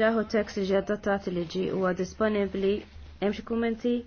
Raħu tekst li ġi adottati li ġi huwa disponibbli hemm xi kummenti?